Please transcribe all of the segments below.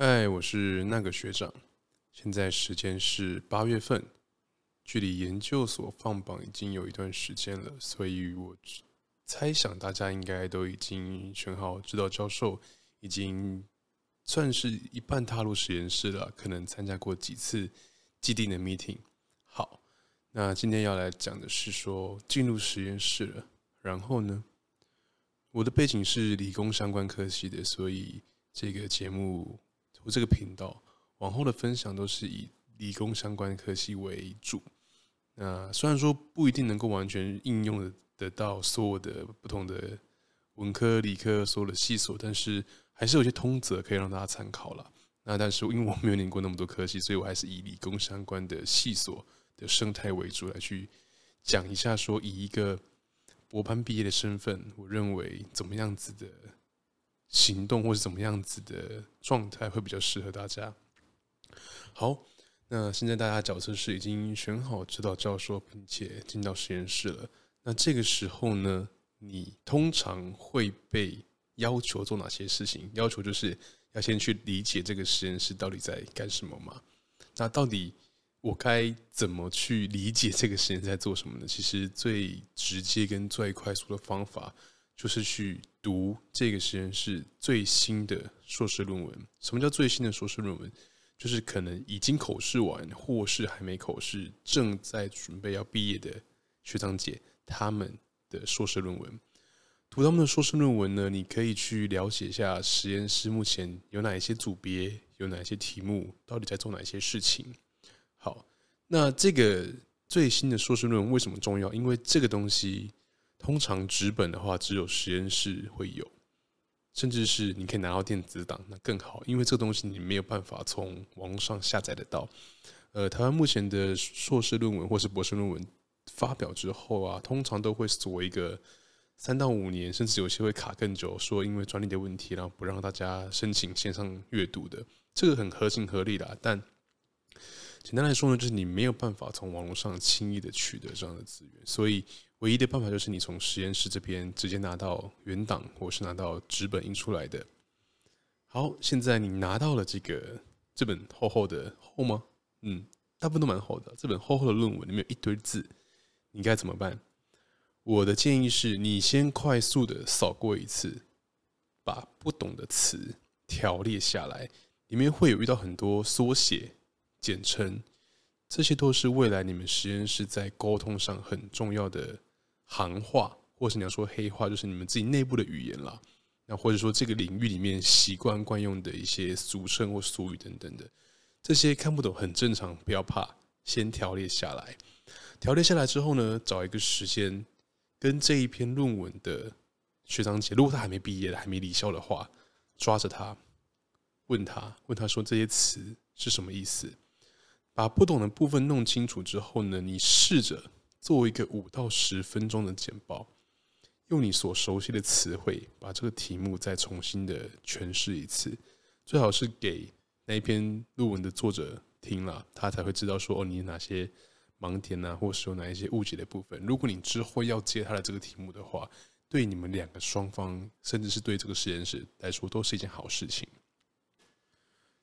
嗨，Hi, 我是那個學長。現在時間是八月份，距離研究所放榜已經有一段時間了，所以我猜想大家應該都已經選好指導教授，已經算是一半踏入實驗室了，可能參加過幾次既定的 meeting。好，那今天要來講的是說進入實驗室了，然後呢，我的背景是理工相關科系的，所以這個節目。我這個頻道往後的分享都是以理工相關的科系為主。那雖然說不一定能夠完全應用的得到所有的不同的文科、理科所有的系所，但是還是有些通則可以讓大家參考了。那但是因為我沒有念過那麼多科系，所以我還是以理工相關的系所的生態為主來去講一下說，以一個博班畢業的身份，我認為怎麼樣子的。行動或是怎麼樣子的狀態會比較適合大家？好，那現在大家的角色是已經選好指導教授，並且進到實驗室了。那這個時候呢，你通常會被要求做哪些事情？要求就是要先去理解這個實驗室到底在幹什麼嘛？那到底我該怎麼去理解這個實驗室在做什麼呢？其實最直接跟最快速的方法就是去。讀這個實驗室最新的碩士論文，什麼叫最新的碩士論文？就是可能已經口試完，或是還沒口試，正在準備要畢業的學長姐他們的碩士論文。讀他們的碩士論文呢，你可以去了解一下實驗室目前有哪一些組別，有哪一些題目，到底在做哪些事情。好，那這個最新的碩士論文為什麼重要？因為這個東西。通常紙本的話，只有實驗室會有，甚至是你可以拿到電子檔，那更好，因為這個東西你沒有辦法從網絡上下載得到。呃，台灣目前的碩士論文或是博士論文發表之後啊，通常都會鎖一個三到五年，甚至有些會卡更久，說因為專利的問題，然後不讓大家申請線上閱讀的，這個很合情合理啦。但簡單來說呢，就是你沒有辦法從網絡上輕易的取得這樣的資源，所以。唯一的辦法就是你從實驗室這邊直接拿到原檔，或是拿到紙本印出來的。好，現在你拿到了這個這本厚厚的厚嗎？嗯，大部分都蠻厚的。這本厚厚的論文裡面有一堆字，你該怎麼辦？我的建議是你先快速的掃過一次，把不懂的詞條列下來。裡面會有遇到很多縮寫、簡稱，這些都是未來你們實驗室在溝通上很重要的。行話，或是你要說黑話，就是你們自己內部的語言啦，那或者說這個領域裡面習慣慣用的一些俗稱或俗語等等的，這些看不懂很正常，不要怕。先條列下來，條列下來之後呢，找一個時間跟這一篇論文的學長姐，如果他還沒畢業、還沒離校的話，抓着他問他，問他說這些詞是什麼意思。把不懂的部分弄清楚之後呢，你試着。做一個五到十分鐘的簡報，用你所熟悉的詞彙把這個題目再重新的詮釋一次，最好是給那一篇論文的作者聽了，他才會知道說哦，你有哪些盲點吶、啊，或是有哪一些誤解的部分。如果你之後要接他的這個題目的話，對你們兩個雙方，甚至是對這個實驗室來說，都是一件好事情。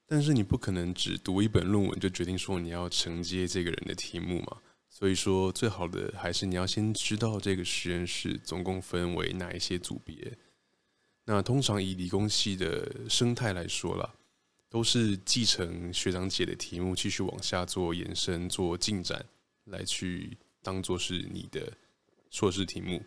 但是你不可能只讀一本論文就決定說你要承接這個人的題目嘛。所以說，最好的還是你要先知道這個實驗室總共分為哪一些組別。那通常以理工系的生態來說啦，都是繼承學長姐的題目，繼續往下做延伸，做進展，來去當做是你的碩士題目。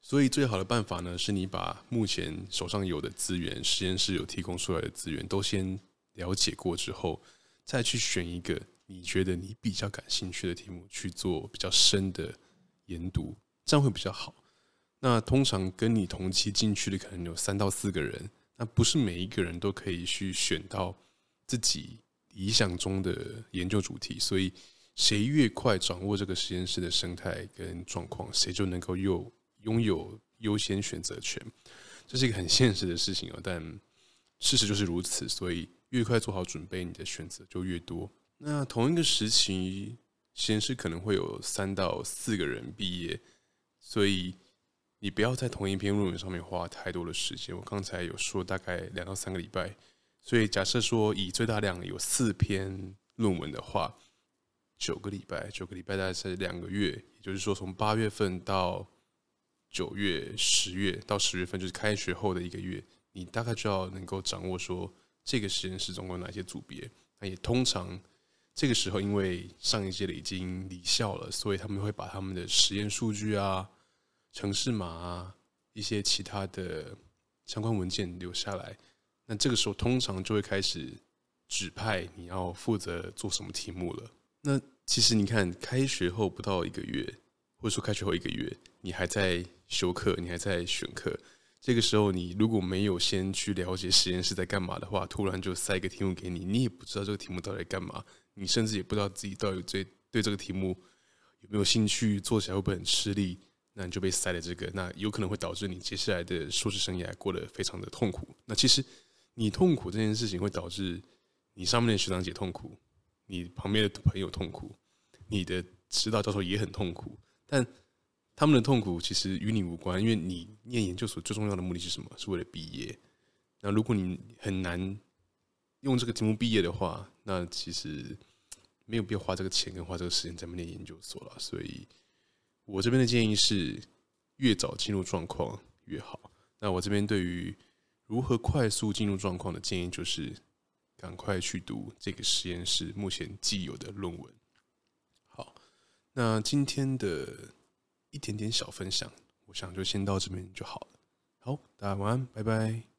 所以，最好的辦法呢，是你把目前手上有的資源、實驗室有提供出來的資源，都先了解過之後，再去選一個。你覺得你比較感興趣的題目去做比較深的研讀，這樣會比較好。那通常跟你同期進去的可能有三到四個人，那不是每一個人都可以去選到自己理想中的研究主題，所以誰越快掌握這個實驗室的生態跟狀況，誰就能夠又擁有優先選擇權。這是一個很現實的事情啊，但事實就是如此，所以越快做好準備，你的選擇就越多。那同一個時期，實驗室可能會有三到四個人畢業，所以你不要在同一篇論文上面花太多的時間。我剛才有說大概兩到三個禮拜，所以假設說以最大量有四篇論文的話，九個禮拜，九個禮拜大概是兩個月，也就是說從八月份到九月、十月到十月份，就是開學後的一個月，你大概就要能夠掌握說這個實驗室總共有哪些組別，那也通常。這個時候，因為上一屆的已經離校了，所以他們會把他們的實驗數據啊、程式碼啊、一些其他的相關文件留下來。那這個時候，通常就會開始指派你要負責做什麼題目了。那其實你看，開學後不到一個月，或者說開學後一個月，你還在修課，你還在選課。這個時候，你如果沒有先去了解實驗室在幹嘛的話，突然就塞一個題目給你，你也不知道這個題目到底在幹嘛。你甚至也不知道自己到底對對這個題目有沒有興趣，做起來會不會很吃力？那你就被塞了這個，那有可能會導致你接下來的碩士生涯過得非常的痛苦。那其實你痛苦這件事情會導致你上面的學長姐痛苦，你旁邊的朋友痛苦，你的指導教授也很痛苦，但他們的痛苦其實與你無關，因為你念研究所最重要的目的是什麼？是為了畢業。那如果你很難。用這個題目畢業的話，那其實沒有必要花這個錢跟花這個時間在那邊研究所啦。所以，我這邊的建議是，越早進入狀況越好。那我這邊對於如何快速進入狀況的建議就是，趕快去讀這個實驗室目前既有的論文。好，那今天的一點點小分享，我想就先到這邊就好了。好，大家晚安，拜拜。